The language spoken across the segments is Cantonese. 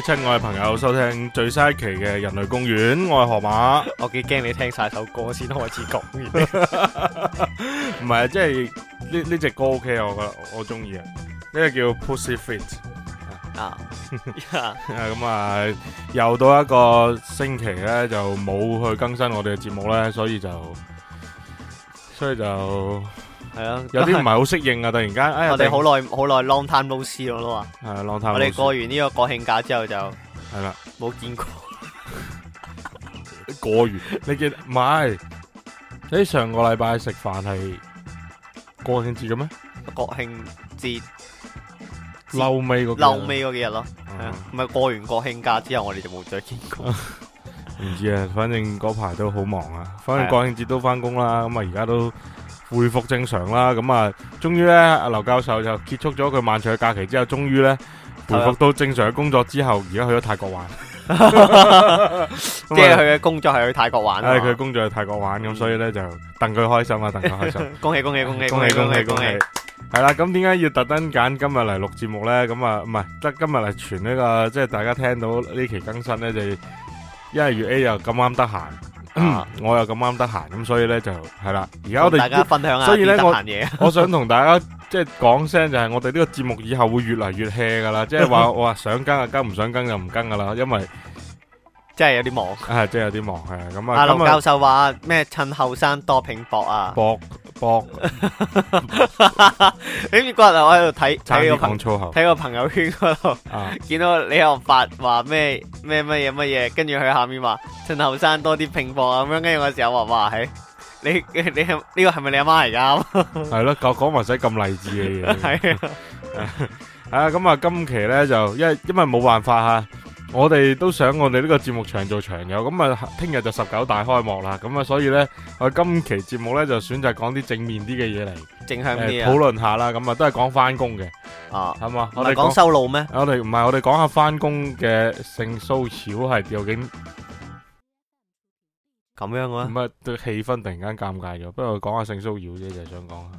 親愛的朋友，收聽最新一期嘅《人類公園》，我係河馬。我幾驚你聽晒首歌先開始講，唔係啊，即係呢呢隻歌 OK，我覺得我中意啊，呢個叫 Pussy Feet 啊，咁啊，又到一個星期咧，就冇去更新我哋嘅節目咧，所以就，所以就。係啊，有啲唔係好適應啊！突然間，我哋好耐好耐 long time no see 咯，係啊，long time。我哋過完呢個國慶假之後就係啦，冇見過。過完你記得唔係？你上個禮拜食飯係國慶節嘅咩？國慶節。嬲尾嗰嬲尾幾日咯，係啊，唔係過完國慶假之後，我哋就冇再見過。唔知啊，反正嗰排都好忙啊，反正國慶節都翻工啦，咁啊而家都回復正常啦，咁啊，終於咧，阿劉教授就結束咗佢漫長嘅假期之後，終於咧回復到正常嘅工作之後，而家去咗泰國玩，即係佢嘅工作係去泰國玩。係佢工作去泰國玩，咁所以咧就戥佢開心啊，戥佢開心。恭喜恭喜恭喜恭喜恭喜恭喜！係啦，咁點解要特登揀今日嚟錄節目咧？咁啊，唔係得今日嚟傳呢個，即係大家聽到呢期更新咧，就一係月 A 又咁啱得閒。 我又咁啱得閒，咁所以咧就係啦。而家我哋大家分享下，所以咧我我想同大家即係講聲，就係我哋呢個節目以後會越嚟越 hea 噶啦，即係話我話想跟就跟，唔想跟就唔跟噶啦，因為 真係有啲忙，係真係有啲忙嘅。咁 啊，阿劉、嗯啊、在教授話咩？趁後生多拼搏啊！幫，你知今日我喺度睇睇個朋，睇個朋友圈嗰度，見到你又發話咩咩乜嘢乜嘢，跟住佢下面話趁後生多啲拼搏啊咁樣，跟住我就話話，嘿，你你呢個係咪你阿媽嚟噶？係咯，講講唔使咁勵志嘅嘢。係啊，係啊，咁啊，今期咧就因因為冇辦法吓。我哋都想我哋呢個節目長做長有，咁啊，聽日就十九大開幕啦，咁啊，所以咧，我今期節目咧就選擇講啲正面啲嘅嘢嚟，正向啲啊，討論下啦，咁啊，都係講翻工嘅，啊，係嘛，我哋講修路咩？我哋唔係，我哋講下翻工嘅性騷擾係究竟咁樣嘅咩？咁啊，對氣氛突然間尷尬咗，不過講下性騷擾啫，就係想講下。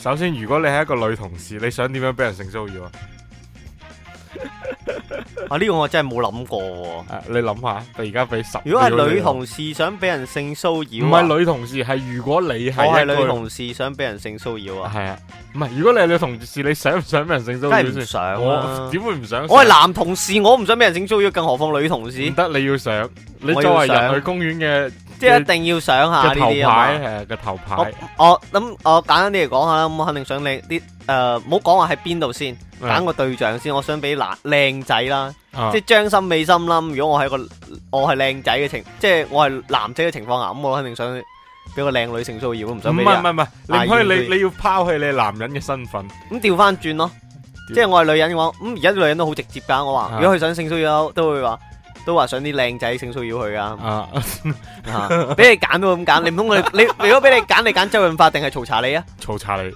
首先，如果你係一個女同事，你想點樣俾人性騷擾啊？啊，呢、這個我真係冇諗過、啊啊。你諗下，俾而家俾十。如果係女同事想俾人性騷擾、啊，唔係女同事，係如果你係女同事想俾人性騷擾啊？係啊，唔係、啊，如果你係女同事，你想唔想俾人性騷擾、啊？唔、啊啊、想,想、啊。想啊、我點會唔想？我係男同事，我唔想俾人性騷擾，更何況女同事。唔得，你要想。你,要上你作為人類公園嘅。即係一定要想下呢啲啊嘛，誒個頭牌。吧頭牌我我諗、嗯、我簡單啲嚟講下啦，咁我肯定想你啲誒，唔好講話喺邊度先，揀、嗯、個對象先。我想俾啲男靚仔啦，啊、即係將心比心啦。如果我係個我係靚仔嘅情，即係我係男仔嘅情況啊，咁我肯定想俾個靚女性騷擾，唔想俾唔係唔係唔係，嗯嗯嗯嗯嗯、你可以、啊、你，你要拋棄你男人嘅身份。咁調翻轉咯，即係我係女人嘅話，咁而家女人都好直接噶，我話、啊、如果佢想性騷擾都會話。都話想啲靚仔性騷擾佢啊！啊，俾你揀都咁揀，你唔通佢？你如果俾你揀，你揀周潤發定係曹查理啊？曹查理，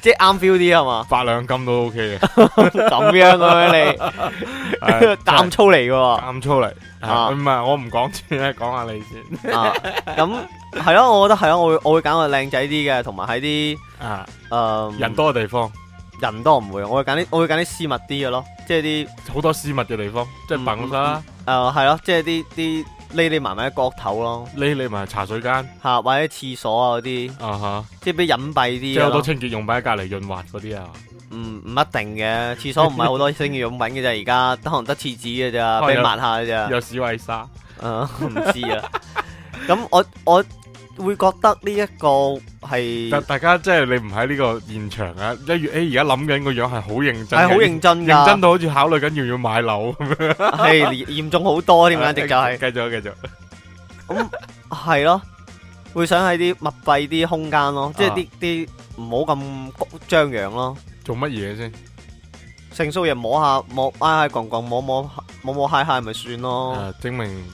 即係啱 feel 啲啊嘛？發兩金都 OK 嘅，咁樣嘅你，膽粗嚟嘅，膽粗嚟。唔係，我唔講住咧，講下你先。咁係咯，我覺得係咯，我會我會揀個靚仔啲嘅，同埋喺啲啊，誒，人多嘅地方。人都唔會，我會揀啲，我會揀啲私密啲嘅咯，即係啲好多私密嘅地方，即係辦公室啊。誒係咯，即係啲啲匿匿埋埋嘅角頭咯，匿匿埋茶水間嚇，或者廁所啊嗰啲啊嚇，即係比較隱蔽啲。即係好多清潔用品喺隔離潤滑嗰啲啊？唔唔一定嘅，廁所唔係好多清潔用品嘅咋，而家得可能得廁紙嘅咋，俾抹下嘅咋。有屎味沙。誒唔知啊。咁我我。會覺得呢一個係，但大家即係你唔喺呢個現場啊！一月 A 而家諗緊個樣係好認真，係好認真嘅，認真到好似考慮緊要唔要買樓咁樣，係嚴重好多，點解直就係？繼續繼續，咁係咯，會想喺啲密閉啲空間咯，即係啲啲唔好咁張揚咯。做乜嘢先？姓蘇嘢摸下摸，嗨嗨逛逛，摸摸摸摸嗨嗨，咪算咯。證明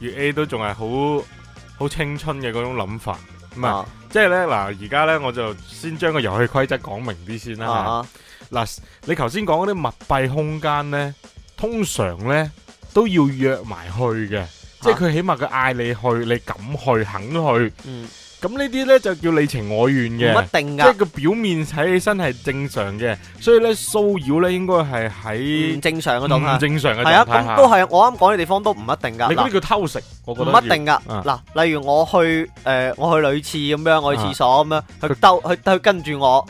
月 A 都仲係好。好青春嘅嗰種諗法，唔係、啊，即係咧嗱，而家咧我就先將個遊戲規則講明啲先啦。嗱、啊，你頭先講嗰啲密閉空間咧，通常咧都要約埋去嘅，即係佢起碼佢嗌你去，你敢去肯去。嗯咁呢啲咧就叫你情我願嘅，唔一定噶，即係個表面睇起身係正常嘅，所以咧騷擾咧應該係喺唔正常嘅度，唔正常嘅係啊，咁都係我啱講嘅地方都唔一定噶。嗱，呢個偷食，我覺得唔一定噶。嗱，例如我去誒，我去女廁咁樣，我去廁所咁樣，去兜去去跟住我，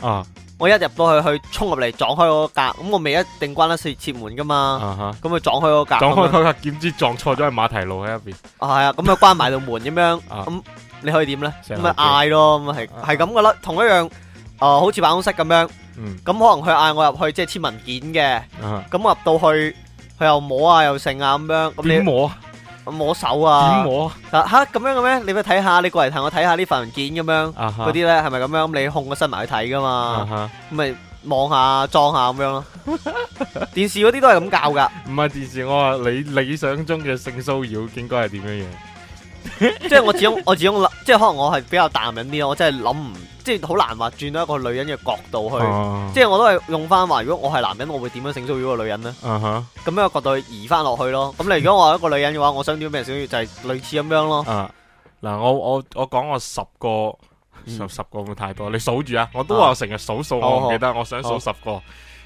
我一入到去，去衝入嚟撞開嗰個格，咁我未一定關得切門噶嘛，咁啊撞開嗰格，撞開嗰格，點知撞錯咗係馬蹄路喺入邊，係啊，咁啊關埋到門咁樣。你可以點咧？咁咪嗌咯，咁咪係係咁噶啦。同一樣，誒，好似辦公室咁樣，咁可能佢嗌我入去，即係簽文件嘅。咁我入到去，佢又摸啊，又剩啊，咁樣。點摸？摸手啊？點摸？嗱，吓咁樣嘅咩？你咪睇下，你過嚟同我睇下呢份文件咁樣，嗰啲咧係咪咁樣？你控個身埋去睇噶嘛？咁咪望下、裝下咁樣咯。電視嗰啲都係咁教噶。唔係電視，我話你理想中嘅性騷擾應該係點樣嘢？ 即係我始終我始終即係可能我係比較男人啲，我真係諗唔，即係好難話轉到一個女人嘅角度去。啊、即係我都係用翻話，如果我係男人，我會點樣性騷擾個女人呢？嗯哼，咁樣個角度移翻落去咯。咁、嗯、你如果我係一個女人嘅話，我想點樣性騷擾就係類似咁樣咯、啊。嗱、啊，我我我講我十個，十十個咁太多，你數住啊！我都話成日數數，啊、我唔記得，啊、我想數十個，啊、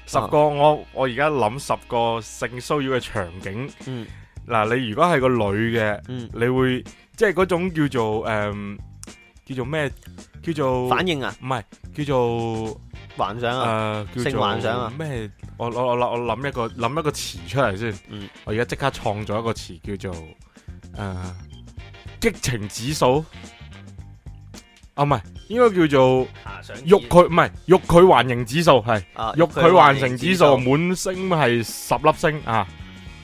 十個我我而家諗十個性騷擾嘅場景。嗱、嗯啊，你如果係個女嘅，嗯、你會？即係嗰種叫做誒，叫做咩？叫做反應啊？唔係，叫做幻想啊？誒，性幻想啊？咩？我我我我諗一個諗一個詞出嚟先。嗯，我而家即刻創作一個詞，叫做誒，激情指數。啊，唔係，應該叫做欲拒唔係欲拒還迎指數係。啊，欲拒還迎指數滿星係十粒星啊，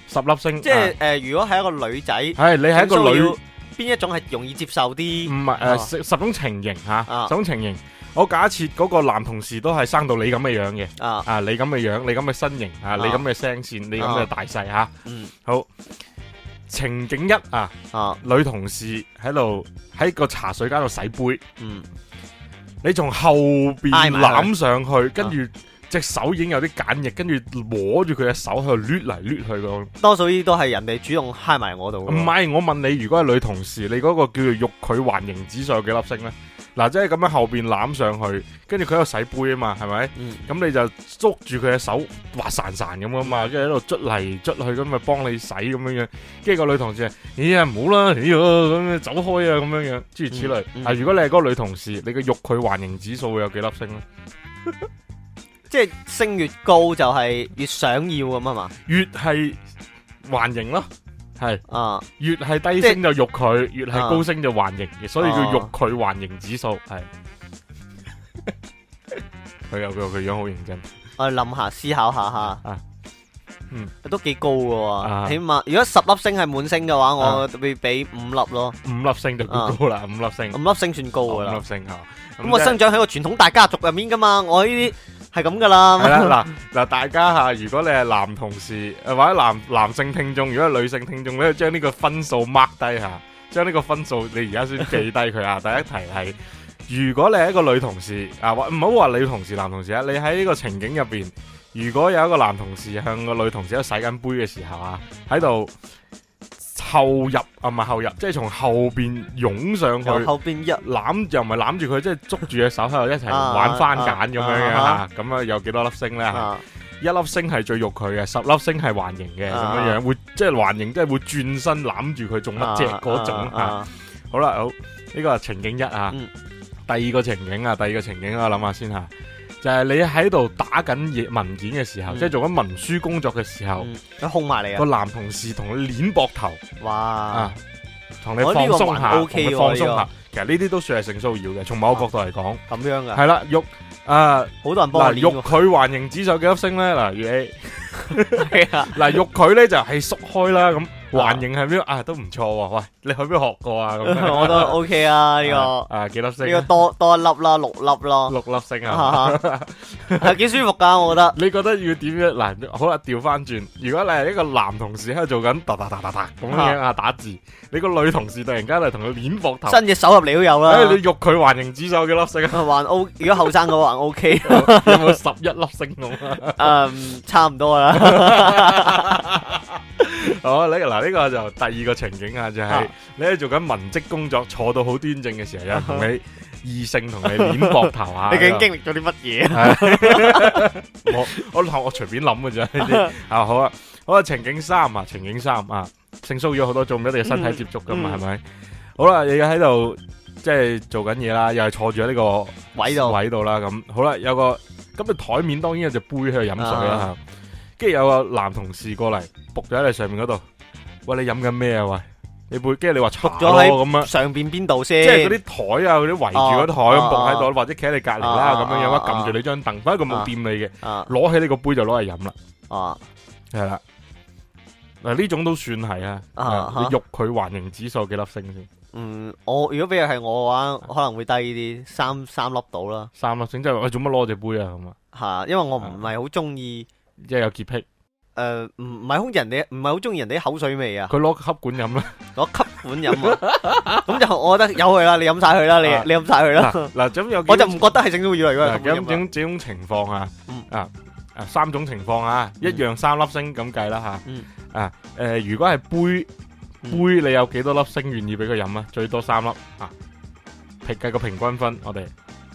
十粒星。即係誒，如果係一個女仔，係你係一個女。邊一種係容易接受啲？唔係誒，呃啊、十十種情形吓，啊啊、十種情形。我假設嗰個男同事都係生到你咁嘅樣嘅，啊，啊，你咁嘅樣，你咁嘅身形，啊，你咁嘅聲線，你咁嘅大細吓。嗯，好。情景一啊，啊，啊女同事喺度喺個茶水間度洗杯，嗯，你從後邊攬上去，跟住。隻手已經有啲簡易，跟住摸住佢嘅手喺度攣嚟攣去，捏捏去，多數呢啲都係人哋主動揩埋我度。唔係，我問你，如果係女同事，你嗰個叫做欲拒還迎指數有幾粒星呢？嗱、啊，即係咁樣後邊攬上去，跟住佢喺度洗杯啊嘛，係咪？嗯。咁你就捉住佢嘅手滑潺潺咁啊嘛，跟住喺度捽嚟捽去咁，咪幫你洗咁樣樣。跟住個女同事，咦，唔好啦，咦，啊，走開啊咁樣樣諸如此類。啊，如果你係嗰個女同事，你嘅欲拒還迎指數會有幾粒星呢？ 即係升越高就係越想要咁啊嘛，越係還迎咯，係啊，越係低升就欲拒，越係高升就還迎，所以叫欲拒還迎指數係。佢有佢有佢樣好認真，我哋諗下思考下吓，嗯，都幾高噶，起碼如果十粒星係滿星嘅話，我會俾五粒咯，五粒星就幾高啦，五粒星，五粒星算高噶啦，五粒星吓，咁我生長喺個傳統大家族入面噶嘛，我呢啲。係咁噶啦，係啦嗱嗱，大家吓，如果你係男同事或者男男性聽眾，如果係女性聽眾咧，將呢個分數 mark 低下，將呢個分數你而家先記低佢啊！第一題係，如果你係 一,一個女同事啊，唔好話你同事男同事啊，你喺呢個情景入邊，如果有一個男同事向個女同事喺洗緊杯嘅時候啊，喺度。後入啊，唔係後入，即係從後邊湧上去，後邊一攬又唔係攬住佢，即係捉住隻手喺度一齊玩翻揀咁樣嘅吓，咁啊有幾多粒星咧？一粒、啊啊啊啊、星係、啊、最肉佢嘅，十粒星係環形嘅咁樣樣，會即係環形，即係會轉身攬住佢做乜只嗰種吓。好啦，好呢、這個係情景一啊、嗯第二個情景，第二個情景啊，第二個情景啊，我諗下先吓。就係你喺度打緊文件嘅時候，即係做緊文書工作嘅時候，一控埋你個男同事同你捻膊頭，哇，同你放鬆下，OK，同你放鬆下，其實呢啲都算係性騷擾嘅。從某個角度嚟講，咁樣嘅係啦，玉啊，好多人幫玉佢環形指數幾多星咧？嗱，如你嗱玉佢咧就係縮開啦咁。環形係咩啊？都唔錯喎！喂，你去邊學過啊？我覺得 OK 啊，呢個啊幾粒星，呢個多多一粒啦，六粒啦，六粒星啊，係幾舒服噶？我覺得你覺得要點樣？嗱，好啦，調翻轉，如果你係一個男同事喺度做緊噠噠噠噠噠咁樣啊打字，你個女同事突然間就同佢捻膊頭，伸隻手入嚟都有啦，你欲佢環形指手幾粒星，環 O，如果後生嘅話環 OK，有十一粒星咁啊，嗯，差唔多啦。哦，你嗱呢個就第二個情景啊，就係你喺做緊文職工作，坐到好端正嘅時候，又同你異性同你捻膊頭啊！你究竟經歷咗啲乜嘢啊？我我我隨便諗嘅啫呢啲，啊好啊，好啊，情景三啊，情景三啊，性騷擾好多種，一定身體接觸噶嘛，係咪？好啦，你而家喺度即係做緊嘢啦，又係坐住喺呢個位度位度啦，咁好啦，有個咁嘅台面，當然有隻杯喺度飲水啦吓。跟住有個男同事過嚟，仆咗喺你上面嗰度。喂，你飲緊咩啊？喂，你杯跟住你話出咗喺咁樣上邊邊度先？即係嗰啲台啊，嗰啲圍住嗰啲台咁仆喺度，或者企喺你隔籬啦，咁樣有冇撳住你張凳？反正佢冇掂你嘅，攞起呢個杯就攞嚟飲啦。哦，係啦。嗱，呢種都算係啊。你肉佢環形指數幾粒星先？嗯，我如果比如係我嘅話，可能會低啲，三三粒到啦。三粒星即係話，做乜攞隻杯啊？咁啊？吓，因為我唔係好中意。即係有潔癖，誒、呃，唔唔係好中意人哋，唔係好中意人哋啲口水味啊！佢攞吸管飲啦，攞吸管飲，咁 就我覺得有佢啦，你飲晒佢啦，你、啊、你飲晒佢啦。嗱、啊，咁有，我就唔覺得係整盅以為佢。咁、啊、種種情況啊，嗯、啊啊三種情況啊，嗯、一樣三粒星咁計啦吓，啊誒、呃，如果係杯杯，嗯、杯你有幾多粒星願意俾佢飲啊？最多三粒啊，撇計個平均分，我哋。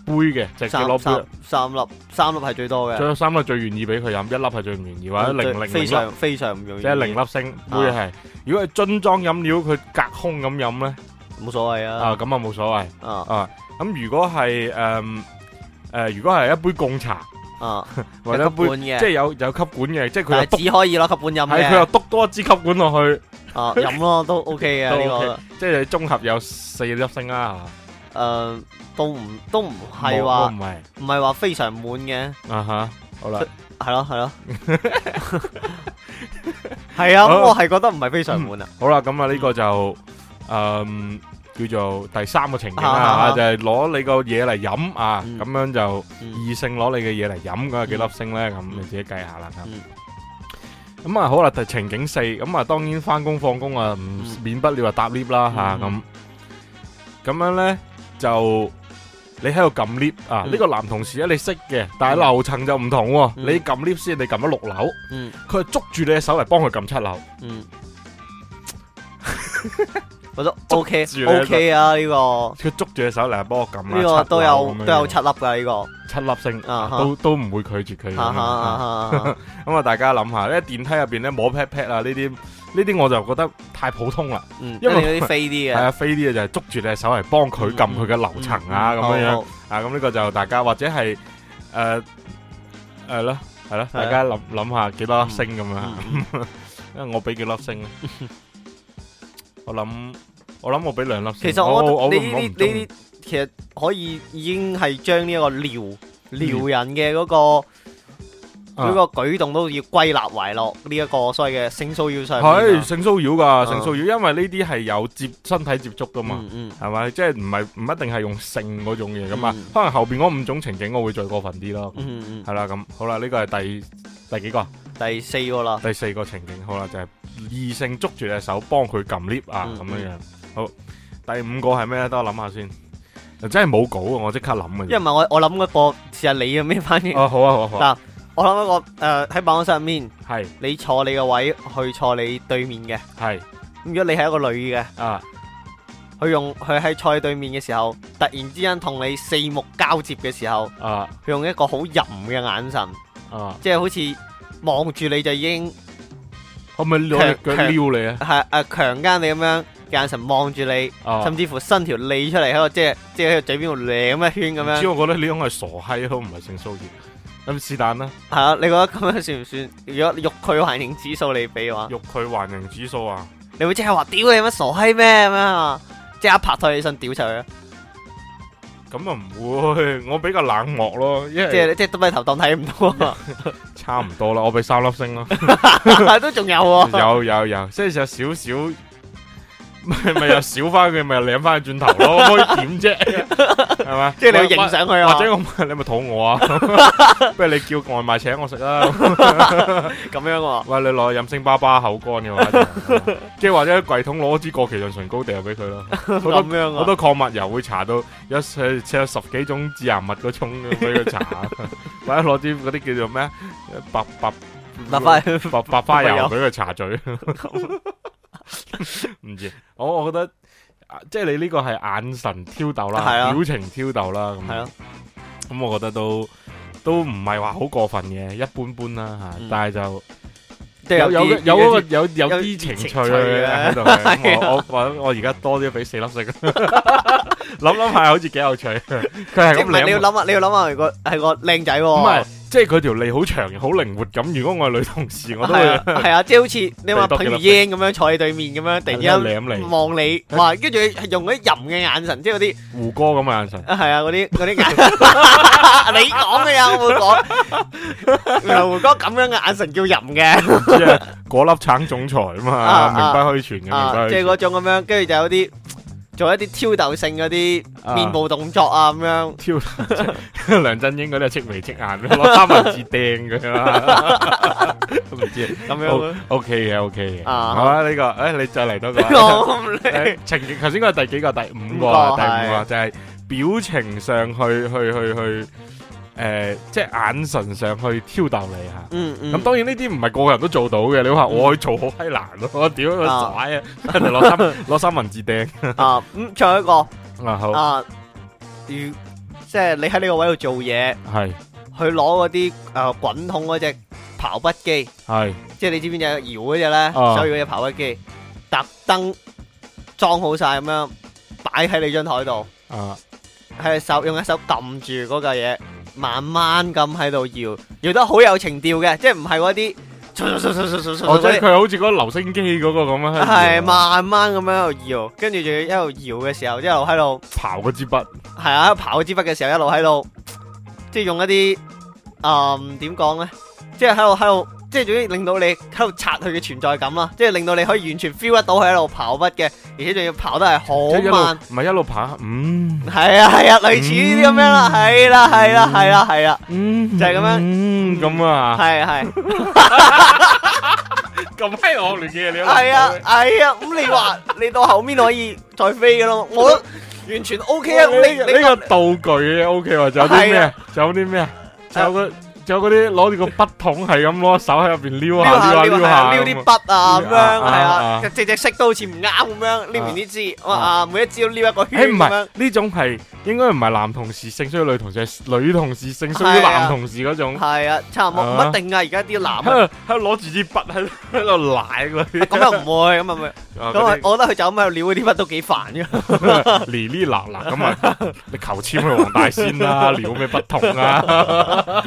杯嘅就叫攞杯，三粒三粒係最多嘅。咗三粒最願意俾佢飲，一粒係最唔願意，或者零零非常非常唔容易，即係零粒星杯係。如果係樽裝飲料，佢隔空咁飲咧，冇所謂啊。啊，咁啊冇所謂啊啊。咁如果係誒誒，如果係一杯貢茶啊，或者杯即係有有吸管嘅，即係佢只可以攞吸管飲嘅，係佢又督多一支吸管落去啊飲咯都 OK 嘅呢個，即係你綜合有四粒星啦。誒。都唔都唔係話，唔係話非常滿嘅。啊哈，好啦，係咯係咯，係啊，我係覺得唔係非常滿啊。好啦，咁啊呢個就，嗯，叫做第三個情景啦，就係攞你個嘢嚟飲啊，咁樣就異性攞你嘅嘢嚟飲，咁啊幾粒星咧，咁你自己計下啦。咁，咁啊好啦，就情景四，咁啊當然翻工放工啊，唔免不了啊搭 lift 啦吓，咁，咁樣咧就。你喺度撳 lift 啊？呢、嗯、個男同事咧，你識嘅，但係樓層就唔同喎、啊嗯。你撳 lift 先，你撳咗六樓，佢係捉住你嘅手嚟幫佢撳七樓。嗯 我都 OK OK 啊，呢個佢捉住隻手嚟幫我撳啦，呢個都有都有七粒噶，呢個七粒星啊，都都唔會拒絕佢咁啊！大家諗下咧，電梯入邊咧摸 pat pat 啊呢啲呢啲我就覺得太普通啦，因為嗰啲飛啲嘅，係啊飛啲嘅就係捉住你隻手嚟幫佢撳佢嘅樓層啊咁樣啊咁呢個就大家或者係誒係咯係咯，大家諗諗下幾多粒星咁樣啊？因為我俾幾粒星咧？我諗，我諗我俾兩粒星。其實我你呢啲其實可以已經係將呢一個撩撩人嘅嗰、嗰個，嗰、嗯、個舉動都要歸納為落呢一個所謂嘅性騷擾上。係性騷擾噶，性騷擾，因為呢啲係有接身體接觸噶嘛，係咪、嗯嗯？即係唔係唔一定係用性嗰種嘢噶嘛。嗯、可能後邊嗰五種情景我會再過分啲咯。係、嗯嗯嗯、啦，咁好啦，呢、這個係第第幾個？第四個啦。第四個情景，好啦，就係、是。異性捉住隻手幫佢撳 lift 啊咁、嗯嗯、樣樣，好，第五個係咩咧？等我諗下先，真係冇稿啊！我即刻諗嘅。因為唔係我我諗嗰個試下你有咩反應？哦好啊好啊。嗱，我諗嗰個誒喺辦公室入面係是你坐你個位去坐你對面嘅係。咁是如果你係一個女嘅啊，佢用佢喺坐對面嘅時候，突然之間同你四目交接嘅時候啊，佢用一個好淫嘅眼神啊，即係好似望住你就已經。我咪攞隻腳撩你啊！係啊，強姦你咁樣，眼神望住你，哦、甚至乎伸條脷出嚟喺度，即係即係喺個嘴邊度舐一圈咁樣。所以我覺得呢種係傻閪都唔係性騷擾。咁是但啦。係啊，你覺得咁樣算唔算？如果玉拒還迎指數你比嘅話，玉拒還迎指數啊？你會即係話屌你乜傻閪咩咩？樣即係一拍拖起身屌出去啊！咁啊，唔會，我比較冷漠咯，因為即係即係耷低頭當睇唔到啊， 差唔多啦，我俾三粒星咯， 但係都仲有，啊，有，有有有，即係有少少。咪咪 又少翻佢，咪領翻轉頭咯， 可以點啫？係嘛？即係你要認上佢啊？ 或者我你咪肚餓啊？ 不如你叫外賣請我食啊，咁樣啊？喂、哎，你攞飲星巴巴口乾嘅話？即係或者喺櫃桶攞支過期潤唇膏掉俾佢咯？好、啊、多好多礦物油會查到一，有有有十幾種致癌物嗰種俾佢查， 或者攞啲嗰啲叫做咩白白白花白花，白，白花油俾佢查嘴。 唔 知，我我覺得即係你呢個係眼神挑逗啦，啊、表情挑逗啦，咁、啊，咁我覺得都都唔係話好過分嘅，一般般啦吓，嗯、但係就即係有有有，有個有個有啲情趣喺度，我我我而家多啲俾四粒食。 諗諗下好似幾有趣，佢係咁樣。唔係，你要諗下，你要諗下，係個係個靚仔。唔係，即係佢條脷好長，好靈活咁。如果我係女同事，我都係。係啊，即係好似你話譬如煙咁樣坐喺對面咁樣，突然間望你，哇！跟住係用嗰啲淫嘅眼神，即係嗰啲胡歌咁嘅眼神。啊，係啊，嗰啲嗰啲眼神，你講嘅呀，我唔講。胡歌咁樣嘅眼神叫淫嘅，果粒橙總裁啊嘛，名不虛傳嘅，即係嗰種咁樣，跟住就有啲。做一啲挑逗性嗰啲面部動作啊，咁樣。挑梁振英嗰啲係赤眉赤眼，攞三文字掟佢啦，都唔知。咁樣 OK 嘅，OK 嘅。好啦，呢個，誒，你再嚟多個。我唔理。情頭先嗰個第幾個？第五個，第五個就係表情上去，去，去，去。誒，即係眼神上去挑逗你吓，咁當然呢啲唔係個個人都做到嘅。你話我去做好閪難咯，屌個仔啊，攞三攞三文字釘啊。咁最後一個啊好啊，如即係你喺呢個位度做嘢，係去攞嗰啲誒滾筒嗰隻刨筆機，係即係你知邊隻搖嗰隻咧，所有嗰隻刨筆機特登裝好晒咁樣擺喺你張台度啊。係手用一手撳住嗰嚿嘢，慢慢咁喺度搖，搖得好有情調嘅，即係唔係嗰啲。我、哦啲哦、即佢好似嗰個留聲機嗰個咁樣。係慢慢咁樣喺度搖，跟住仲要一路搖嘅時候，一路喺度刨嗰支筆。係啊，刨嗰支筆嘅時候一邊邊，一路喺度，即係用一啲，嗯，點講咧？即係喺度，喺度。即係總之令到你喺度刷佢嘅存在感啦，即係令到你可以完全 feel 得到佢喺度跑步嘅，而且仲要跑得係好慢，唔係一路跑，嗯，係啊係啊，類似呢啲咁樣啦，係啦係啦係啦係啦，嗯，就係咁樣，嗯，咁啊，係係，咁稀惡劣嘅你，係啊係啊，咁你話你到後面可以再飛㗎咯，我完全 O K 啊，呢呢個道具 O K 嘛，仲有啲咩仲有啲咩啊，仲有個。仲有嗰啲攞住個筆筒係咁攞手喺入邊撩下撩下撩啲筆啊咁樣，係啊，隻隻色都好似唔啱咁樣，撩完呢支，哇每一支撩一個圈咁樣。呢種係應該唔係男同事性騷擾女同事，係女同事性騷擾男同事嗰種。係啊，差唔多唔一定啊。而家啲男喺度攞住支筆喺喺度瀨佢。咁又唔會，咁又唔會。咁我覺得佢就咁喺度撩啲筆都幾煩嘅，黏嗱嗱辣咁啊！你求籤去黃大仙啦，撩咩筆筒啊？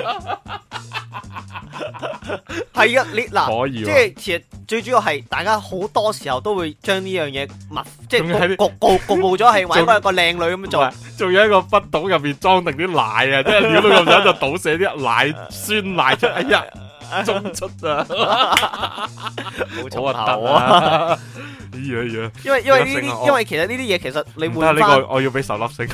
係啊，你嗱，即係其實最主要係大家好多時候都會將呢樣嘢物，即係焗焗焗冒咗，係為咗一個靚女咁樣做，仲要一個筆筒入邊裝定啲奶啊，即係如果咁樣就倒瀉啲奶、酸奶出，哎呀，中出啊！好核突啊！哎呀呀！因為因為呢啲因為其實呢啲嘢其實你換翻，我要俾十粒星。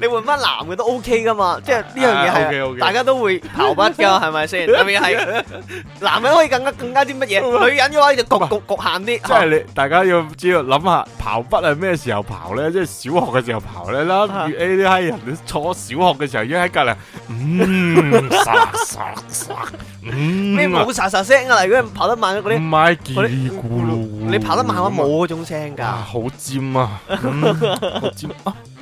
你換翻男嘅都 OK 噶嘛？即係呢樣嘢係大家都會刨筆噶，係咪先？特別係男人可以更加更加啲乜嘢女人嘅話就侷侷侷限啲。即係你大家要知道諗下刨筆係咩時候刨咧？即係小學嘅時候刨咧啦。呢啲閪人坐小學嘅時候已經喺隔籬，嗯，沙沙沙，你冇沙沙聲噶？如果刨得慢嗰啲唔係堅固，你刨得慢嘅冇嗰種聲噶，好尖啊，好尖啊！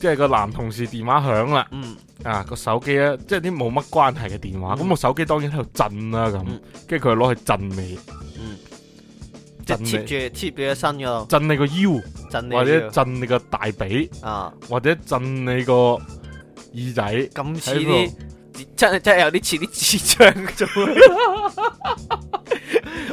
即係個男同事電話響啦，啊個手機咧，即係啲冇乜關係嘅電話，咁個手機當然喺度震啦咁，跟住佢攞去震尾，即係貼住貼住個身嗰度，震你個腰，震或者震你個大髀啊，或者震你個耳仔，咁似啲真真係有啲似啲智障咁。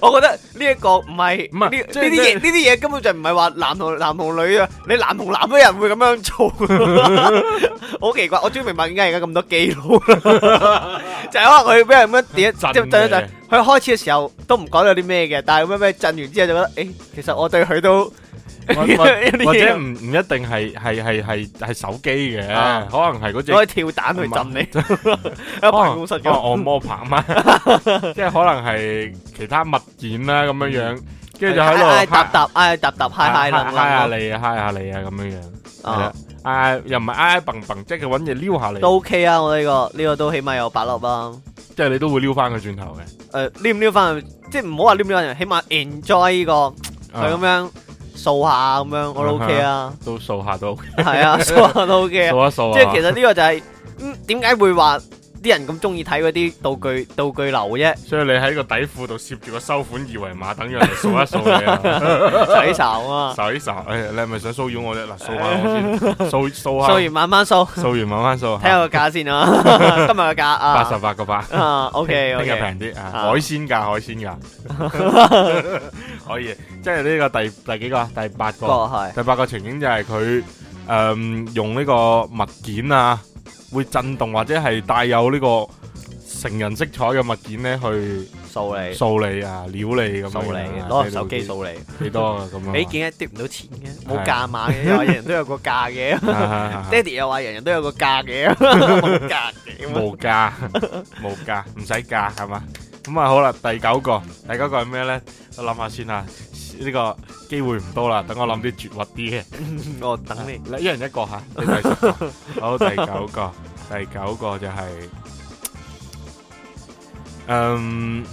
我覺得呢一個唔係唔係呢呢啲嘢呢啲嘢根本就唔係話男同男同女啊，你男同男都人會咁樣做， 好奇怪！我終於明白點解而家咁多基佬， 就係可能佢俾人咁樣點一震,的 震，震一震。佢開始嘅時候都唔講有啲咩嘅，但係咁樣咁樣震完之後就覺得，誒、欸，其實我對佢都。或者唔唔一定係係係係係手機嘅，可能係嗰隻。我係跳蛋去震你，喺辦公室嘅。按摩棒啊，即係可能係其他物件啦咁樣樣，跟住就喺度撻撻，哎撻撻，嗨下你，嗨下你，嗨下你啊咁樣樣。啊，哎又唔係哎嘭嘭，即係搵嘢撩下你。都 OK 啊，我呢個呢個都起碼有百粒啦。即係你都會撩翻佢轉頭嘅。誒，撩唔撩翻？即係唔好話撩唔撩人，起碼 enjoy 呢個係咁樣。掃下咁樣，我都 OK 啊， 都掃下都，係啊，掃下都 OK，掃一掃啊，即係、OK 啊、 下其實呢個就係、是，嗯，點解會話？啲人咁中意睇嗰啲道具道具流嘅啫，所以你喺個底褲度攝住個收款二維碼，等人嚟掃一掃嘅，洗手啊，洗手，哎，你係咪想騷擾我啫？嗱，掃下我先，掃掃，掃完慢慢掃，掃完慢慢掃，睇下個價先啊，今日個價啊，八十八個八啊，OK，聽日平啲啊，海鮮價海鮮價，可以，即係呢個第第幾個啊？第八個係，第八個情景就係佢誒用呢個物件啊。會震動或者係帶有呢個成人色彩嘅物件咧，去掃你掃你啊，撩你咁 樣，攞個手機掃你幾多啊？咁啊， 俾件啊，跌唔到錢嘅，冇價碼嘅，又話人人都有個價嘅。爹哋 又話人人都有個價嘅，冇價嘅，冇價冇價唔使價係嘛？咁啊 好啦，第九個第九個係咩咧？我諗下先啊。呢個機會唔多啦，等我諗啲絕核啲嘅。我等你，一人一個吓。好，第九個，第九個就係，嗯，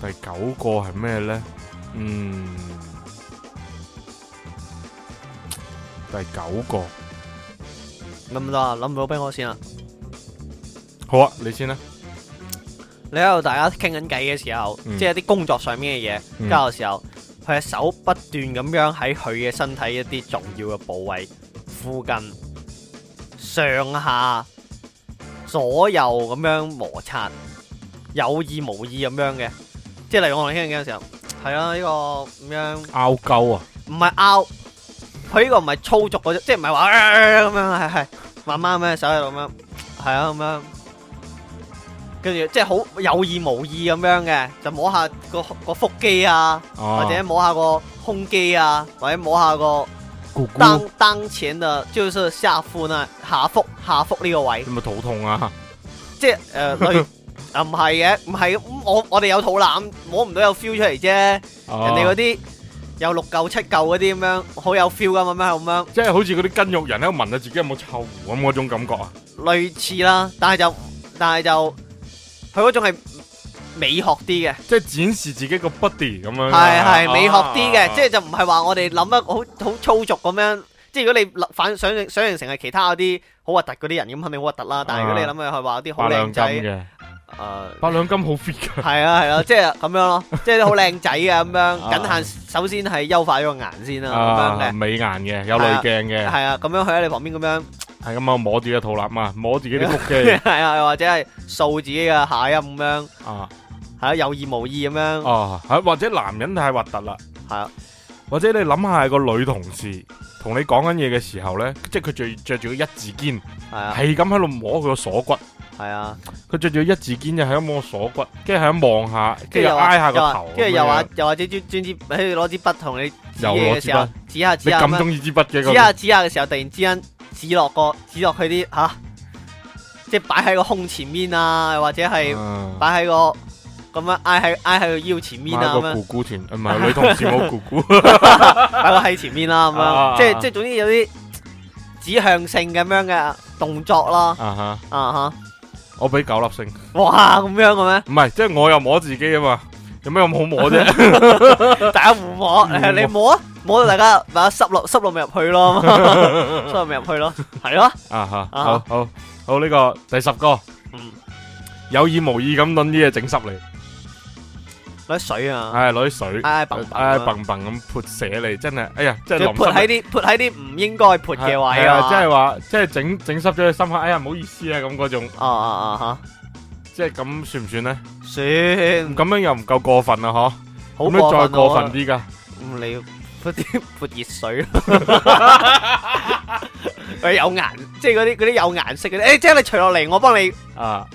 第九個係咩咧？嗯，第九個諗唔到啊，諗唔到俾我先啊。好啊，你先啦。你喺度大家傾緊偈嘅時候，即係啲工作上面嘅嘢，交流時候，佢嘅手不斷咁樣喺佢嘅身體一啲重要嘅部位附近上下左右咁樣摩擦，有意無意咁樣嘅，即係例如我哋傾緊嘅時候，係啊，呢個咁樣拗鳩啊，唔係拗，佢呢個唔係粗俗嗰，即係唔係話咁樣係係慢慢咁樣手喺度咁樣係啊咁樣。跟住即係好有意無意咁樣嘅，就摸下個個腹肌啊，或者摸下個胸肌啊，或者摸下個當當前嘅，就是下腹呢下腹下腹呢個位係咪肚痛啊？即係誒類唔係嘅，唔係咁我我哋有肚腩摸唔到有 feel 出嚟啫。人哋嗰啲有六嚿七嚿嗰啲咁樣好有 feel 咁啊，咩咁樣？即係好似嗰啲筋肉人喺度聞下自己有冇臭狐咁嗰種感覺啊？類似啦，但係就但係就。佢嗰種係美學啲嘅，即係展示自己個 body 咁樣，係係 美學啲嘅，啊、即係就唔係話我哋諗一好好粗俗咁樣。即係如果你諗反想想形成係其他嗰啲好核突嗰啲人咁，肯定好核突啦。但係如果你諗佢係話啲好靚仔，誒，八兩金好 fit 嘅，係啊係啊，即係咁樣咯，即係啲好靚仔嘅咁樣。僅限首先係優化咗個顏先啦，咁樣嘅美顏嘅有濾鏡嘅，係啊，咁樣佢喺你旁邊咁樣，係咁啊，摸住個肚腩啊，摸自己啲腹肌，係啊，或者係掃自己嘅鞋啊，咁樣啊，係啊，有意無意咁樣啊，吓或者男人太核突啦，係啊，或者你諗下係個女同事。同你講緊嘢嘅時候咧，即係佢着着住個一字肩，係咁喺度摸佢個鎖骨。係啊，佢着住個一字肩就喺度摸鎖骨，跟住喺度望下，跟住挨下個頭。跟住又話又話，即係專專啲，喺度攞支筆同你。又攞支筆指下指下。你咁中意支筆嘅？指下指下嘅，啊，時候，突然之間指落個指落佢啲吓，即係擺喺個胸前面啊，或者係擺喺個。啊啊咁樣挨喺挨喺個腰前面啊，咁樣姑姑田唔係女同事冇姑姑，喺我喺前面啦，咁樣即係即係，總之有啲指向性咁樣嘅動作咯。啊哈啊哈，我俾九粒星，哇咁樣嘅咩？唔係，即係我又摸自己啊嘛，有咩咁好摸啫？大家唔摸，你你摸啊，摸到大家把濕落濕落咪入去咯，濕落咪入去咯，係咯。啊哈，好好好，呢個第十個，有意無意咁攞啲嘢整濕你。攞啲水啊！係攞啲水，哎嘭哎嘭嘭咁潑射你，真係哎呀！即係潑喺啲潑喺啲唔應該潑嘅位啊！即係話即係整整濕咗你心口，哎呀唔好意思啊咁嗰種啊啊啊吓！即係咁算唔算咧？算咁樣又唔夠過分啊！嗬，點樣再過分啲噶？你潑啲潑熱水咯！佢有顏，即係嗰啲嗰啲有顏色嘅，誒，即係你除落嚟，我幫你啊。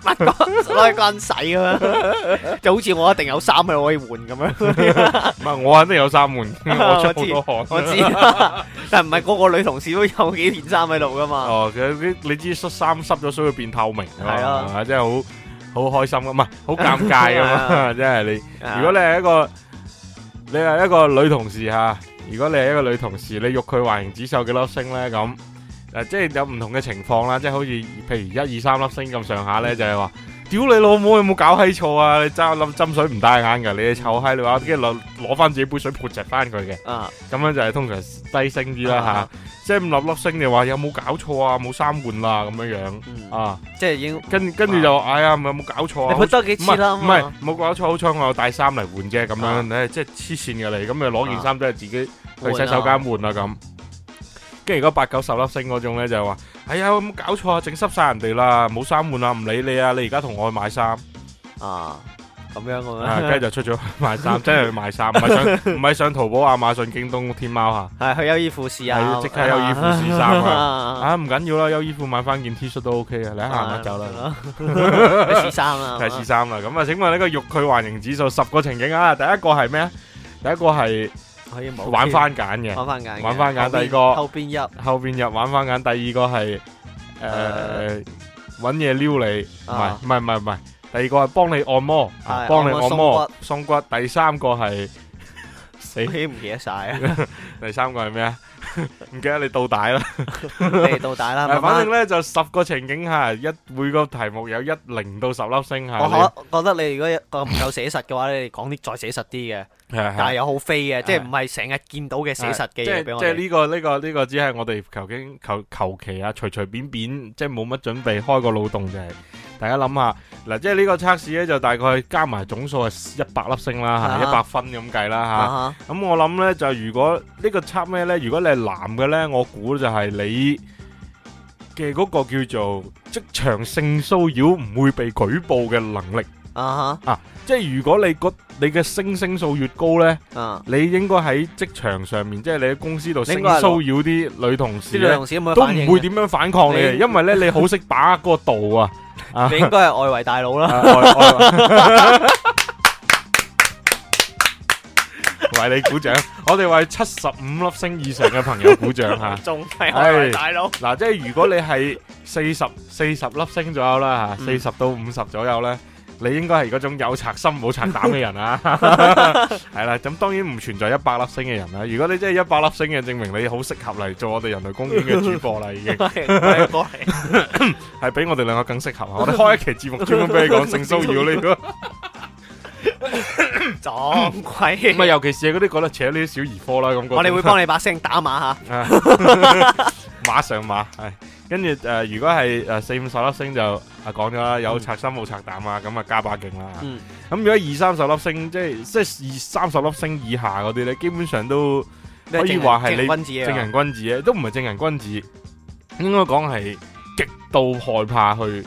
唔係攞嚟攞嚟洗咁樣，就好似我一定有衫可以換咁樣 。唔係我肯定有衫換， 我出好多汗，我知！我知。但係唔係個個女同事都有幾件衫喺度噶嘛？哦，其實你知恤衫濕咗，所以變透明。係是啊真，真係好好開心噶，唔係好尷尬噶嘛？ 是啊、 真係你，如果你係一個你係一個女同事吓、啊，如果你係一個女同事，你喐佢橫形指數幾多星咧咁？誒，即係有唔同嘅情況啦，即係好似譬如一二三粒星咁上下咧，就係話屌你老母有冇搞閪錯啊！你揸粒針水唔帶眼噶，你臭閪你話，跟住攞攞翻自己杯水潑窒翻佢嘅。啊，咁樣就係通常低聲啲啦吓，即係五、粒粒星嘅話，有冇搞錯啊？冇衫換啦咁樣樣啊，即係已經跟跟住就，哎呀，有冇搞錯啊？潑多幾次啦，唔係冇搞錯，好彩我有帶衫嚟換啫，咁樣即係黐線嘅你，咁又攞件衫都係自己去洗手間換啦咁。跟住如果八九十粒星嗰種咧就話，哎呀，有冇搞錯啊？整濕晒人哋啦，冇衫悶啊，唔理你啊，你而家同我去買衫啊，咁樣咁樣，跟住就出咗去買衫，真係去買衫，唔係上唔係上淘寶啊，馬上京東天貓啊，係去優衣庫試啊，即刻優衣庫試衫啊，啊唔緊要啦，優衣庫買翻件 T 恤都 OK 啊，嚟一下買走啦，試衫啦，係試衫啦，咁啊請問呢個欲拒還迎指數十個情景啊，第一個係咩啊？第一個係。可以冇玩翻揀嘅，玩翻揀，玩翻揀。第二個後邊入，後邊入玩翻揀。第二個係誒，搵嘢撩你，唔係唔係唔係唔係。第二個係幫你按摩，幫你按摩鬆骨。第三個係死唔記得晒啊！第三個係咩？唔 記得你倒帶啦，你倒帶啦。 反正咧就十個情景下，一每個題目有一零到十粒星。我可你我覺得你如果一個唔夠寫實嘅話， 你講啲再寫實啲嘅， 但係又好飛嘅，即係唔係成日見到嘅寫實嘅嘢俾我哋即係呢個呢個呢個，只、這、係、個這個這個、我哋求經求求其啊，隨隨便便，即係冇乜準備，開個腦洞就係。大家諗下，嗱、啊，即係呢個測試咧就大概加埋總數係一百粒星啦，係咪一百分咁計啦吓？咁、uh huh. 啊、我諗咧就如果個測，呢個測咩咧，如果你係男嘅咧，我估就係你嘅嗰個叫做職場性騷擾唔會被舉報嘅能力。啊哈！啊，即係如果你個你嘅，星星數越高咧，你應該喺職場上面，即係你喺公司度性騷擾啲女同事，啲女同事會唔會反應？都唔會點樣反抗你？因為咧，你好識把握嗰個度啊！你應該係外圍大佬啦，為你鼓掌！我哋為七十五粒星以上嘅朋友鼓掌吓，仲係外圍大佬。嗱，即係如果你係四十四十粒星左右啦，吓四十到五十左右咧。你應該係嗰種有賊心冇賊膽嘅人啊， 係啦，咁當然唔存在一百粒星嘅人啦。如果你真係一百粒星嘅，證明你好適合嚟做我哋人類公園嘅主播啦， 已經係，係 比我哋兩個更適合。啊。 我哋開一期節目專門俾你講 性騷擾呢個。 撞 壯鬼、啊！唔係，尤其是嗰啲覺得扯呢啲小兒科啦，咁我哋會幫你把聲打碼吓、啊， 馬上馬，誒，跟住誒、呃，如果係誒四五十粒星就啊講咗啦，有賊心冇賊膽啊，咁啊加把勁啦，咁、嗯嗯嗯、如果二三十粒星，即係即係二三十粒星以下嗰啲咧，基本上都可以話係正君子正人君子啊，都唔係正人君子，應該講係極度害怕去。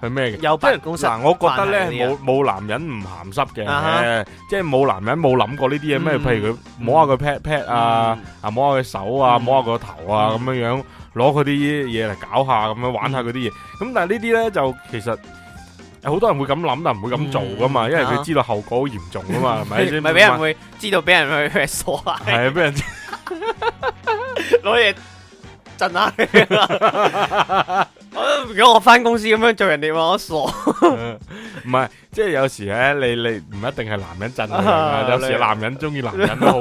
係咩嘅？有不良公司嗱，我覺得咧冇冇男人唔鹹濕嘅，即係冇男人冇諗過呢啲嘢咩？譬如佢摸下佢 pat pat 啊，啊摸下佢手啊，摸下佢個頭啊，咁樣樣攞佢啲嘢嚟搞下，咁樣玩下佢啲嘢。咁但係呢啲咧就其實有好多人會咁諗，但係唔會咁做噶嘛，因為佢知道後果好嚴重噶嘛，係咪先？咪俾人會知道，俾人去拍疏啊？係啊，俾人，攞嘢。震真係， 如果我翻公司咁樣做人哋話我傻，唔係，即係有時咧，你你唔一定係男人震啊， 有時男人中意男人都好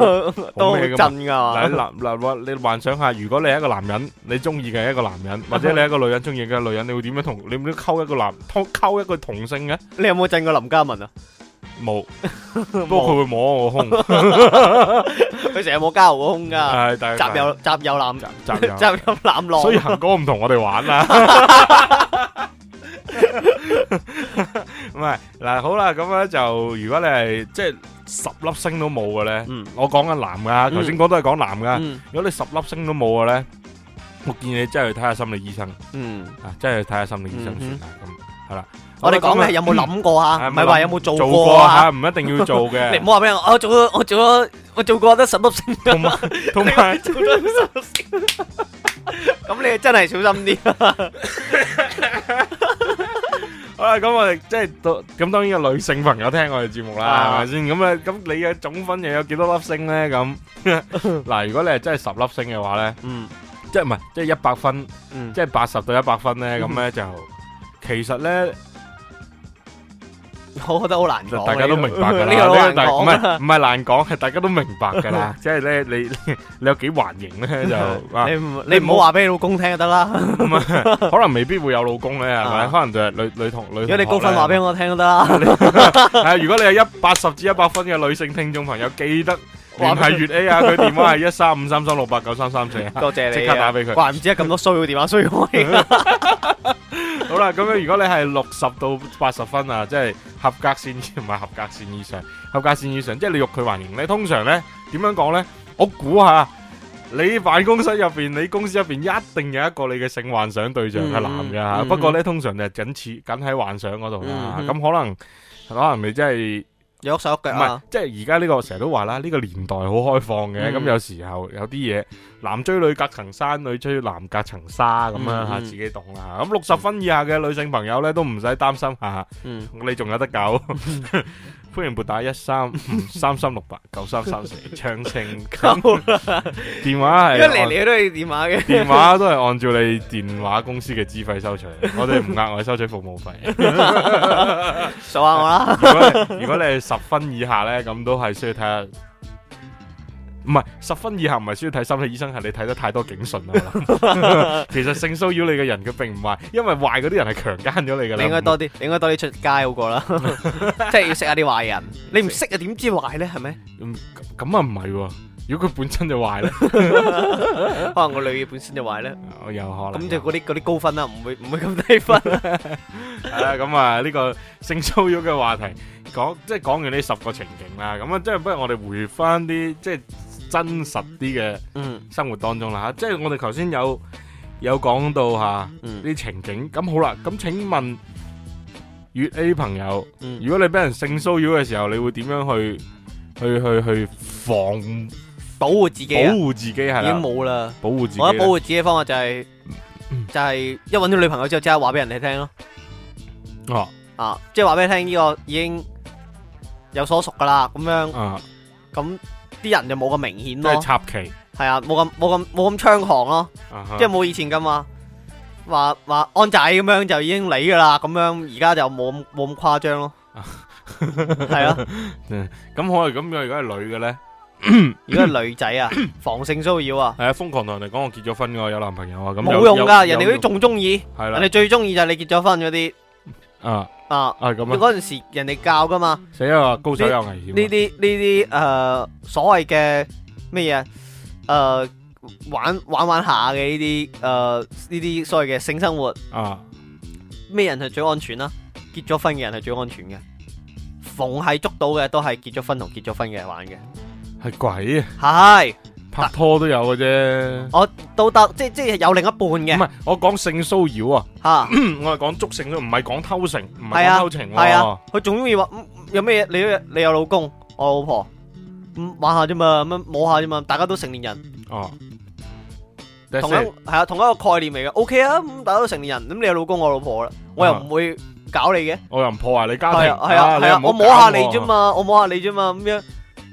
震噶。嗱，嗱你幻想下，如果你係一個男人，你中意嘅係一個男人，或者你係一個女人中意嘅女人，你會點樣同你唔會溝一個男同溝一個同性嘅？你有冇震過林嘉文啊？冇，不過佢會摸我胸，佢成日摸嘉豪嘅胸噶，集有集有攬集集有攬落，所以恒哥唔同我哋玩啦。唔係嗱，好啦，咁樣就如果你係即係十粒星都冇嘅咧，我講緊男噶，頭先講都係講男噶。如果你十粒星都冇嘅咧，我建議你真係去睇下心理醫生，嗯，啊，真係去睇下心理醫生算啦，咁係啦。我哋講嘅有冇諗過啊？唔係話有冇做過啊？唔一定要做嘅。你唔好話俾我，我做咗，我做咗，我做過得十粒星啊！同埋，同埋，做咗十粒星。咁你真係小心啲。好啦，咁我哋即係咁，當然個女性朋友聽我哋節目啦，係咪先？咁咧，咁你嘅總分又有幾多粒星咧？咁嗱，如果你係真係十粒星嘅話咧，嗯，即係唔係，即係一百分，嗯，即係八十到一百分咧，咁咧就其實咧。我覺得好難講，大家都明白噶。呢個唔係唔係難講，係大家都明白噶啦。即係咧，你你有幾環形咧就你唔好話俾你老公聽就得啦。可能未必會有老公咧，係咪？可能就係女女同女。如果你高分話俾我聽都得啦。係如果你有一八十至一百分嘅女性聽眾朋友，記得聯繫粵 A 啊，佢電話係一三五三三六八九三三四。多謝你，即刻打俾佢。哇，唔知咁多騷擾電話騷擾我。好啦，咁樣如果你係六十到八十分啊，即係合格線之唔係合格線以上，合格線以上，即係你欲拒還迎。你通常咧點樣講咧？我估下，你辦公室入邊，你公司入邊一定有一個你嘅性幻想對象係、嗯、男嘅吓。嗯、不過咧，通常就係僅似僅喺幻想嗰度啦。咁、嗯、可能，嗯、可能你真係約手約腳。唔係，即係而家呢個成日都話啦，呢、呢個年代好開放嘅。咁、嗯、有時候有啲嘢。男追女隔層山，女追男隔層沙咁樣，吓自己懂啦。咁六十分以下嘅女性朋友咧，都唔使擔心吓！嗯、你仲有得搞、嗯， 歡迎撥打一三三三六八九三三四長情溝了電話係一嚟嚟都要電話嘅，電話都係按照你電話公司嘅資費收取， 我哋唔額外收取服務費。數下我啦。如果你係十分以下咧，咁都係需要睇下。唔係十分以下唔係需要睇心理醫生，係你睇得太多警訊啦。其實性騷擾你嘅人佢並唔壞，因為壞嗰啲人係強姦咗你噶啦。應該多啲，應該多啲出街好過啦，即係要識下啲壞人。你唔識啊，點知壞咧？係咪？咁啊唔係喎，如果佢本身就壞咧，可能個女嘅本身就壞咧，有可能。咁就嗰啲嗰啲高分啦，唔會唔會咁低分。係啦，咁啊呢個性騷擾嘅話題講，即係講完呢十個情景啦，咁啊，即係不如我哋回翻啲即係。真實啲嘅嗯，生活當中啦嚇，即係我哋頭先有有講到嚇啲情景，咁好啦，咁請問粵 A 朋友，如果你俾人性騷擾嘅時候，你會點樣去去去去防保護自己？保護自己係已經冇啦，保護自己。我覺得保護自己嘅方法就係就係一揾到女朋友之後，即刻話俾人哋聽咯。哦啊，即係話俾你聽，呢個已經有所屬噶啦，咁樣咁。啲人就冇咁明顯咯，即係插旗，係啊，冇咁冇咁冇咁猖狂咯，即係冇以前咁話話話安仔咁樣就已經理噶啦，咁樣而家就冇冇咁誇張咯，係啊，咁可係咁樣？如果係女嘅咧，如果係女仔啊，防性騷擾啊，係啊，瘋狂同人哋講我結咗婚噶，有男朋友啊，咁冇用噶，人哋嗰啲仲中意，人哋最中意就係你結咗婚嗰啲啊。啊，係咁啊！嗰陣時人哋教噶嘛，死啦，高手又危險。呢啲呢啲誒，所謂嘅咩嘢誒，玩玩玩下嘅呢啲誒，呢啲所謂嘅性生活啊，咩人係最安全啦？結咗婚嘅人係最安全嘅，逢係捉到嘅都係結咗婚同結咗婚嘅人玩嘅，係鬼啊！係。拍拖都有嘅啫，我都得，即係即係有另一半嘅。唔係，我講性騷擾啊，吓，我係講捉性，唔係講偷食，唔係講偷情咯。係啊，佢仲中意話，有咩嘢？你你有老公，我老婆，玩下啫嘛，咁樣摸下啫嘛，大家都成年人。哦，同一係啊，同一個概念嚟嘅，OK 啊，咁大家都成年人，咁你有老公，我老婆啦，我又唔會搞你嘅，我又唔破壞你家庭，係啊係啊，我摸下你啫嘛，我摸下你啫嘛，咁樣。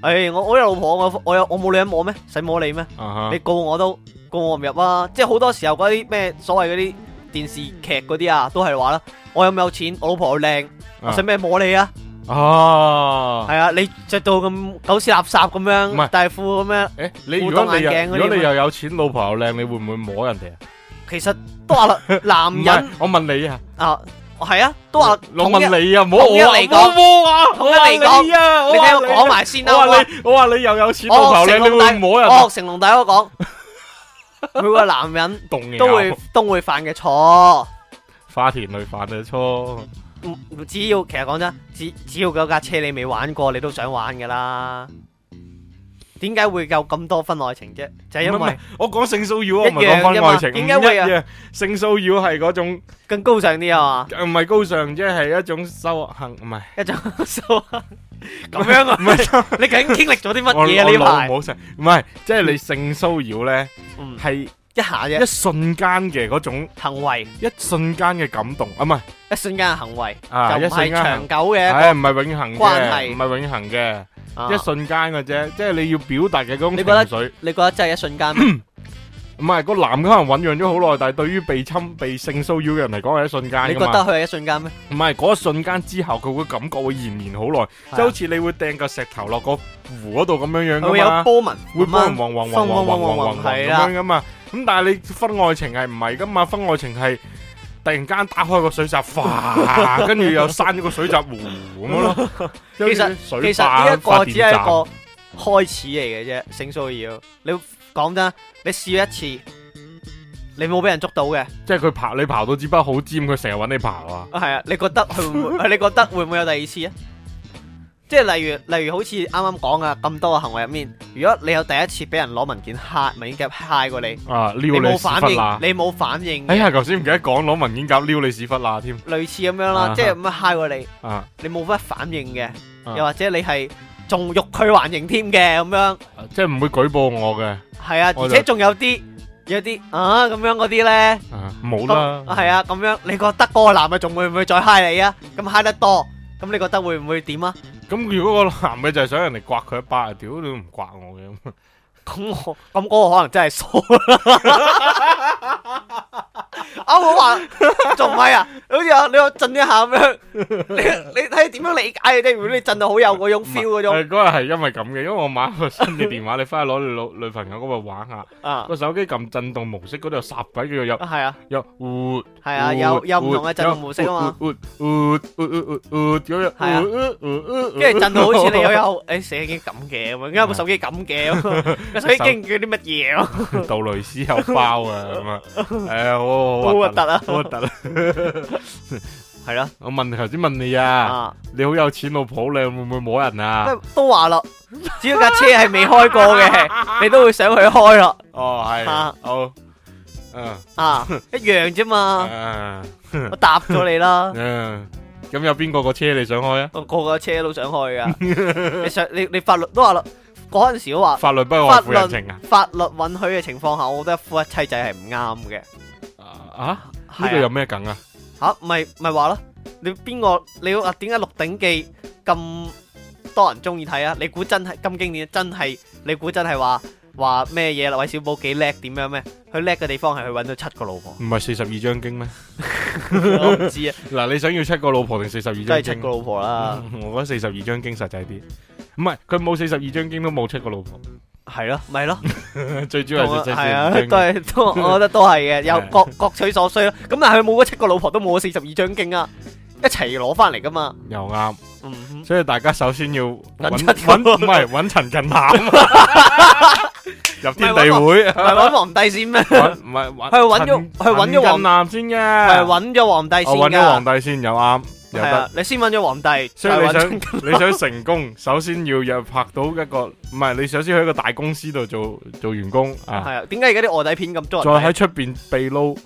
誒，我我有老婆，我我有我冇女人摸咩？使摸你咩？你告我都告我唔入啊。即係好多時候嗰啲咩所謂嗰啲電視劇嗰啲啊，都係話啦，我有冇有錢？我老婆又靚，使咩摸你啊？哦，係啊，你着到咁好似垃圾咁樣，大褲咁樣，誒，你如果你如果你又有錢，老婆又靚，你會唔會摸人哋啊？其實都話啦，男人，我問你啊。啊。我係啊，都話我問你啊，唔好我，唔好我，我，我啊，我嚟講啊，你聽我講埋先啦。我話你，我話你又有錢要求你，你，你唔好啊？我學成龍大哥講，每個男人都會, 都，有都，會都會犯嘅錯，花田裏犯嘅錯。只要，其實講真，只只要嗰架車你未玩過，你都想玩噶啦。點解會有咁多分愛情啫？就係因為我講性騷擾，我唔係講分愛情。一樣一樣，性騷擾係嗰種更高尚啲啊嘛？唔係高尚，即係一種修行，唔係一種修行，咁樣啊？你究竟經歷咗啲乜嘢呢排？唔好食，唔係即係你性騷擾咧，係一下啫，一瞬間嘅嗰種行為，一瞬間嘅感動啊，唔係一瞬間嘅行為啊，唔係長久嘅，係啊，唔係永恆嘅關係，唔係永恆嘅。啊、一瞬間嘅啫，即、就、係、是、你要表達嘅嗰種情緒。你覺得，哼你覺得真係一瞬間？唔係咦、個男嘅可能醞釀咗好耐，但係對於被侵被性騷擾嘅人嚟講係一瞬間。你覺得佢係一瞬間咩？唔係嗰一瞬間之後，佢嘅感覺會延綿好耐，即係好似你會掟個石頭落個湖嗰度咁樣樣噶嘛？會有波紋，會波紋，渾渾渾渾渾渾渾係啊嘛？咁但係你分愛情係唔係噶嘛分？分愛情係。突然間打開個水閘，嘩！跟住又閂咗個水閘，嗚咁咯。 樣其實發其實呢一個只係一個開始嚟嘅啫，性騷擾你講真，你試一次，你冇俾人捉到嘅。即係佢爬，你爬到隻筆好尖，佢成日揾你爬。啊。係啊，你覺得佢會唔會？你覺得會唔會有第二次啊？即係例如，例如好似啱啱講嘅，咁多個行為入面，如果你有第一次俾人攞文件夾文件夾 high 過你，啊，撩你屎忽啦，你冇反應，你冇反應。哎呀，頭先唔記得講攞文件夾撩你屎忽啦添，類似咁樣啦，即係咁樣 high 過你，啊，你冇乜反應嘅，又或者你係仲欲拒還迎添嘅咁樣，即係唔會舉報我嘅，係啊，而且仲有啲有啲啊咁樣嗰啲咧，冇啦，係啊，咁樣你覺得嗰個男嘅仲會唔會再 high 你啊？咁 high 得多，咁你覺得會唔會點啊？咁如果個男嘅就係想人哋刮佢一巴啊，屌你都唔刮我嘅。 咁我咁嗰個可能真係傻啦！阿我話仲唔係啊，好似啊，你又震一下咁樣，你你睇點樣理解？你如果你震到好有嗰種 feel 嗰種，嗰個係因為咁嘅，因為我買個新嘅電話，你翻去攞你老女朋友嗰個玩下，個手機撳震動模式嗰度，霎鬼佢又入，係啊，又，係啊，又又唔同嘅震動模式啊嘛，係啊，跟住震到好似你有有誒成件咁嘅，咁有部手機咁嘅。水晶叫啲乜嘢咯？杜蕾斯有包啊，咁啊，誒，我我我，好核突啊，好核突啊，係咯，我問頭先問你啊，你好有錢老婆你，會唔會摸人啊？都話咯，只要架車係未開過嘅，你都會想去開咯。哦，係，好，嗯啊，一樣啫嘛，我答咗你啦。嗯，咁有邊個個車你想開啊？個個車都想開啊，你想你你法律都話咯。嗰陣時都話法律不外乎人情啊！法律允許嘅情況下，我覺得夫一妻仔係唔啱嘅。啊？呢個有咩梗啊？吓，唔係唔係話咯！你邊個？你要點解《鹿鼎記》咁多人中意睇啊？你估真係咁經典？真係你估真係話話咩嘢啦？韋小寶幾叻？點樣咩？佢叻嘅地方係佢揾到七個老婆。唔係四十二章經咩？我唔知啊。嗱，你想要七個老婆定四十二章經？即係七個老婆啦。我覺得四十二章經實際啲。唔係，佢冇四十二張經都冇七個老婆，係咯，咪咯，最主要係出七先，都係，都我覺得都係嘅，有各各取所需咯。咁但係佢冇嗰七個老婆都冇四十二張經啊，一齊攞翻嚟噶嘛？又啱，所以大家首先要揾，揾唔係揾陳近南，入天地會，係揾皇帝先咩？唔係揾，去揾咗，去揾咗陳近南先嘅，係揾咗皇帝先噶。揾咗皇帝先又啱。係啦，你先揾咗皇帝，所以你想你想成功，首先要入拍到一個唔係，你首先去一個大公司度做做員工啊。係啊，點解而家啲臥底片咁多？再喺出邊秘撈，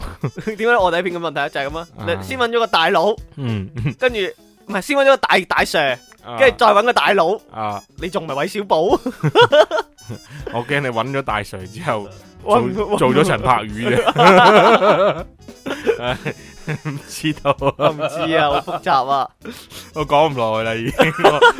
點解臥底片咁問題啊？就係咁啊，你先揾咗個大佬，嗯，跟住唔係先揾咗個大大蛇，跟住再揾個大佬啊，你仲唔係韋小寶？我驚你揾咗大蛇之後做做咗陳柏宇嘅。唔 知道啊，我唔知啊，好複雜啊 我， 我講唔落去啦，已經，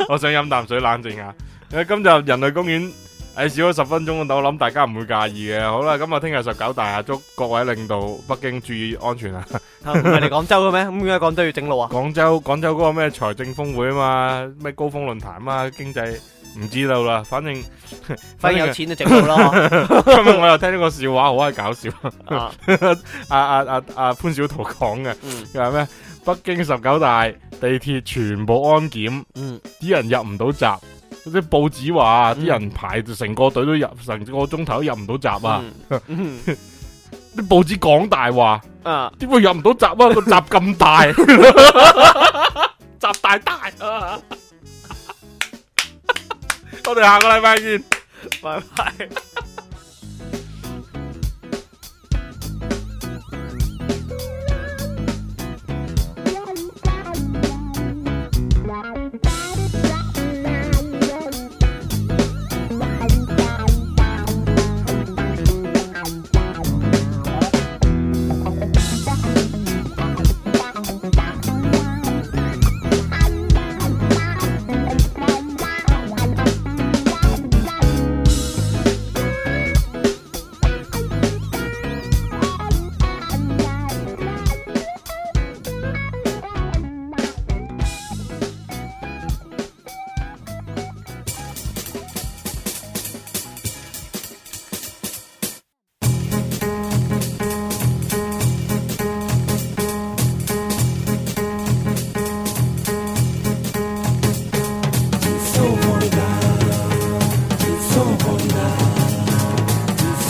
我想飲啖水冷靜下。誒，今日人類公園誒少咗十分鐘度，但我諗大家唔會介意嘅。好啦，咁啊，聽日十九大啊，祝各位領導北京注意安全啊，啊。唔係嚟廣州嘅咩？咁點解廣州要整路啊？廣州廣州嗰個咩財政峰會啊嘛，咩高峰論壇啊嘛，經濟。唔知道啦，反正反正有錢就值咯。今日我又聽到個笑話，好係搞笑。阿阿阿阿潘小桃講嘅，佢話咩？北京十九大地鐵全部安檢，啲、嗯、人入唔到閘。啲報紙話，啲人排成個隊都入成個鐘頭入唔到閘啊！啲、嗯、 報紙講大話啊，啊？點會入唔到閘啊？個閘咁大，閘 大，大大。啊我哋下個禮拜見，拜拜。